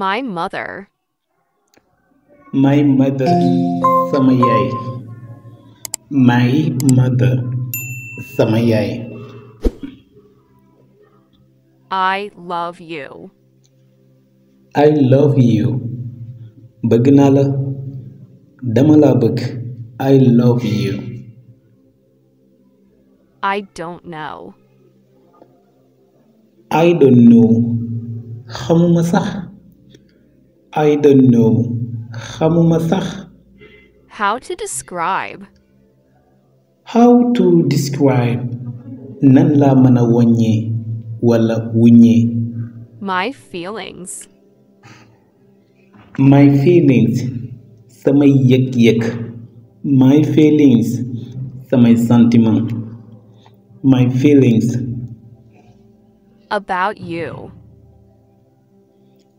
My mother. My mother. Sama yaay. My mother. Sama I love you. I love you. Bëgg naa la. Dama laa bëgg. I love you. I don't know. I don't know. Xamuma sax. I don't know. Xamuma sax. How to describe. How to describe. Nan la mën a wàññee wala wuññee. My feelings. My feelings. Samay yëg-yëg. My feelings. Samay sentiment. My feelings. About you.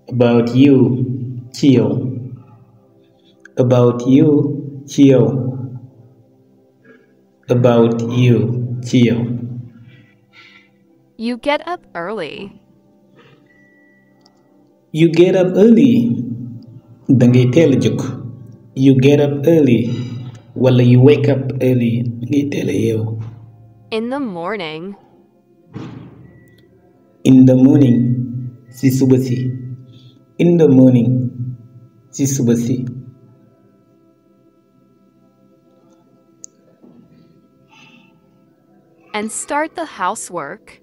About you. ci yow about you ci yow about you ci yow You get up early. You get up early. jóg. You get up early. wala you wake up early. ngay teel yeewu. In the morning. si suba si. In the morning. ci suba si and start the housework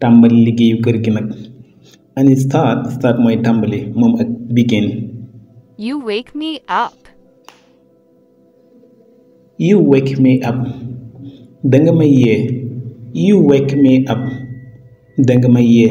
tàmbali liggéeyu kër gi nag and start start mooy tàmbali moom ak begin you wake me up you wake me up danga ma yee you wake me up danga ma yee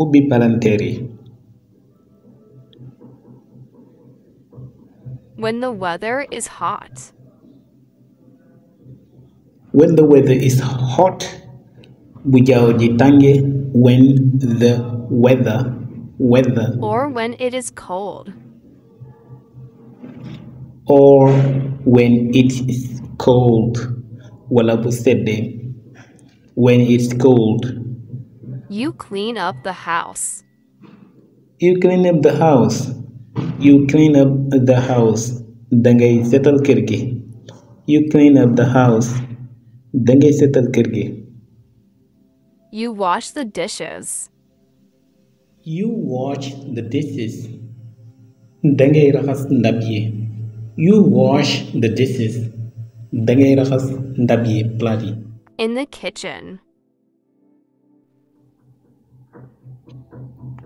ubbi yi. When the weather is hot. Bu jaww ji tàngee. When the weather Or when it is cold. Wala bu seddee. When it's cold. You clean up the house. You clean up the house. You clean up Dangay setal kër gi. You clean up the house. Dangay setal kër gi. You wash the dishes. You wash Dangay raxas ndab yi. You wash the dishes. Dangay raxas ndab yi, plaat yi. In the kitchen.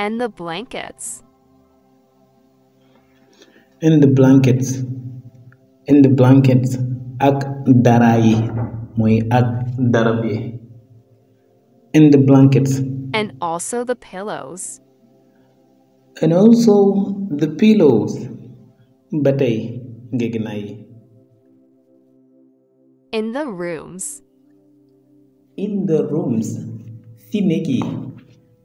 And the blankets. And the blankets. Ak dara yi mooy ak darab yi. And the blankets. And also the pillows. And the pillows. ba tey ngegnaay In the rooms. In the rooms. ci néeg yi.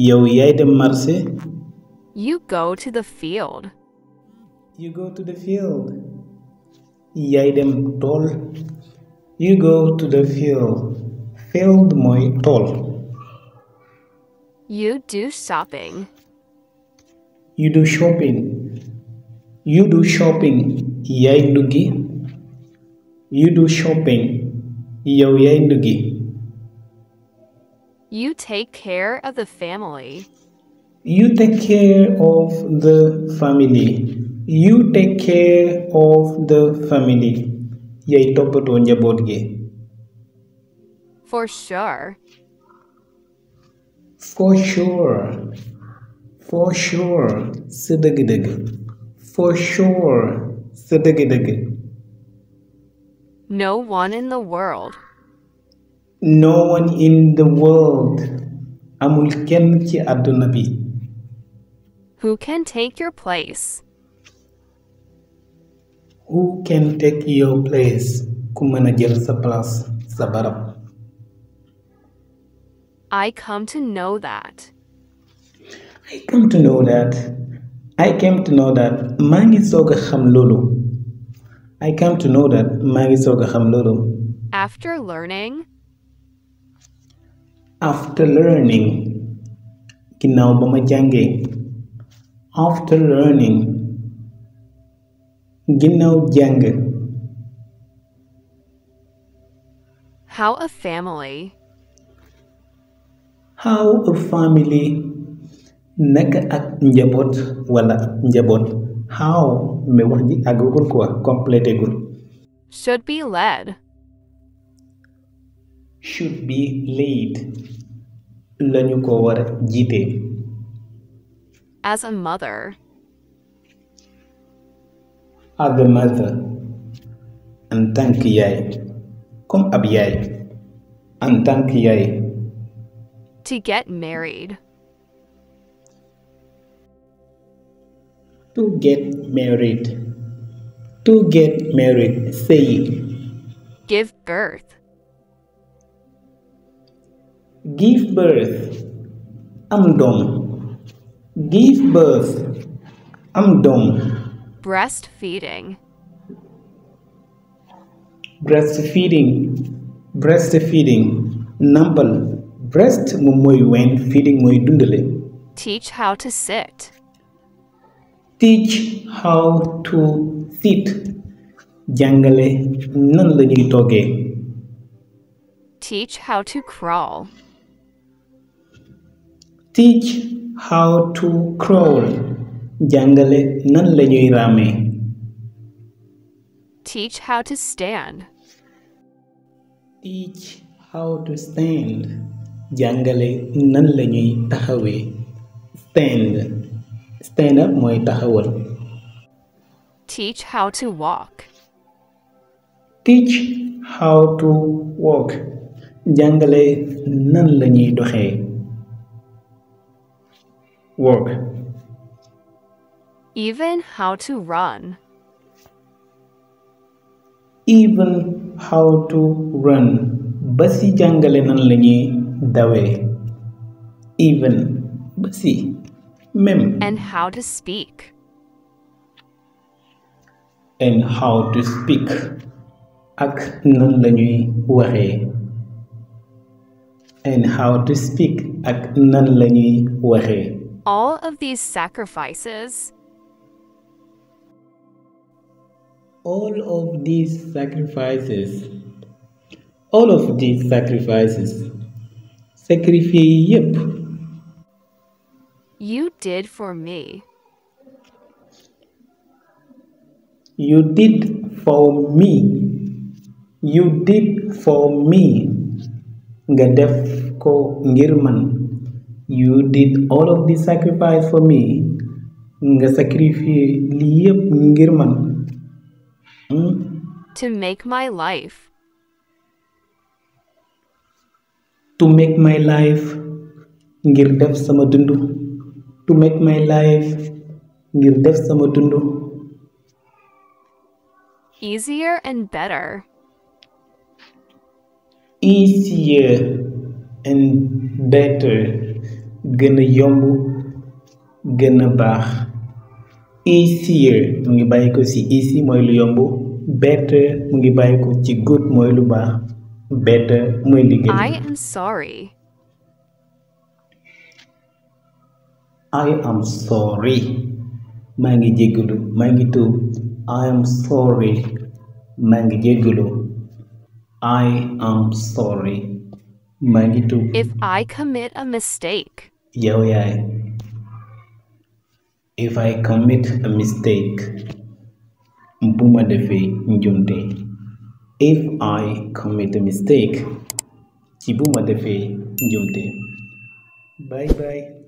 yow yaay dem marché. you go to the field. you go to the field. yaay dem tool. you go to the field. field mooy tool. you do shopping. you do shopping. yow yaay nduggi. You take care of the family. You take care of the family. You take care of the family. Yay toppatoo njaboot gi. For sure. For sure. Sa dëgg dëgg. For sure. Sa dëgg dëgg. No one in the world no one in the world amul kenn ci àdduna bi who can take your place who can take your place ku mën a jël sa place sa barab I come to know that I come to know that maa ngi soog a xam loolu I come to know that maa ngi soog a xam loolu after learning after learning ginnaaw ba ma jàngee after learning ginnaaw jàng how a family naka ak njaboot wala njaboot how mais wax ji àggagul quoi complété gul should be led should be laid lañu ko war jiite as a mother as a mother en tant que yaay ab yaay en tant que to get married to get married to give birth give am doom give am doom breastfeeding breastfeeding breastfeeding nampal mooy dundale teach how to sit teach how to sit jàngale nan lañuy toggee teach how to crawl teach how to crawl nan lañuy raame teach how stand jàngale nan lañuy taxawee stand stand up mooy taxawal teach how to walk teach jàngale nan lañuy doxee Walk. Even how to run. ba ci jàngale nan lañuy ñuy dawee. Even ba si même. And how to speak. ak nan lañuy ñuy waxee. And how to speak ak nan la waxee. all of these sacrifices all of these sacrifices sacrifices yépp you did for me you did for me nga def ko ngir man You did all of this sacrifice for me nga sacrifier lii yëpp ngir man. Hmm? To make my life. To make my life ngir def sama dundu. To make my life ngir def sama dundu. Easier and better. Easier and better. gën yomb gën a baax easier mu ngi bàyyi ko ci easy mooy lu yomb better mu ngi bàyyi ko ci good mooy lu baax better mooy li I am sorry. I maa ngi jéggalu maa ngi I am sorry. maa ngi jéggalu. I If I commit a mistake. yow yaay if I commit a mistake bu ma defee njuumte if I commit a mistake ci bu ma defee njuumte bye bye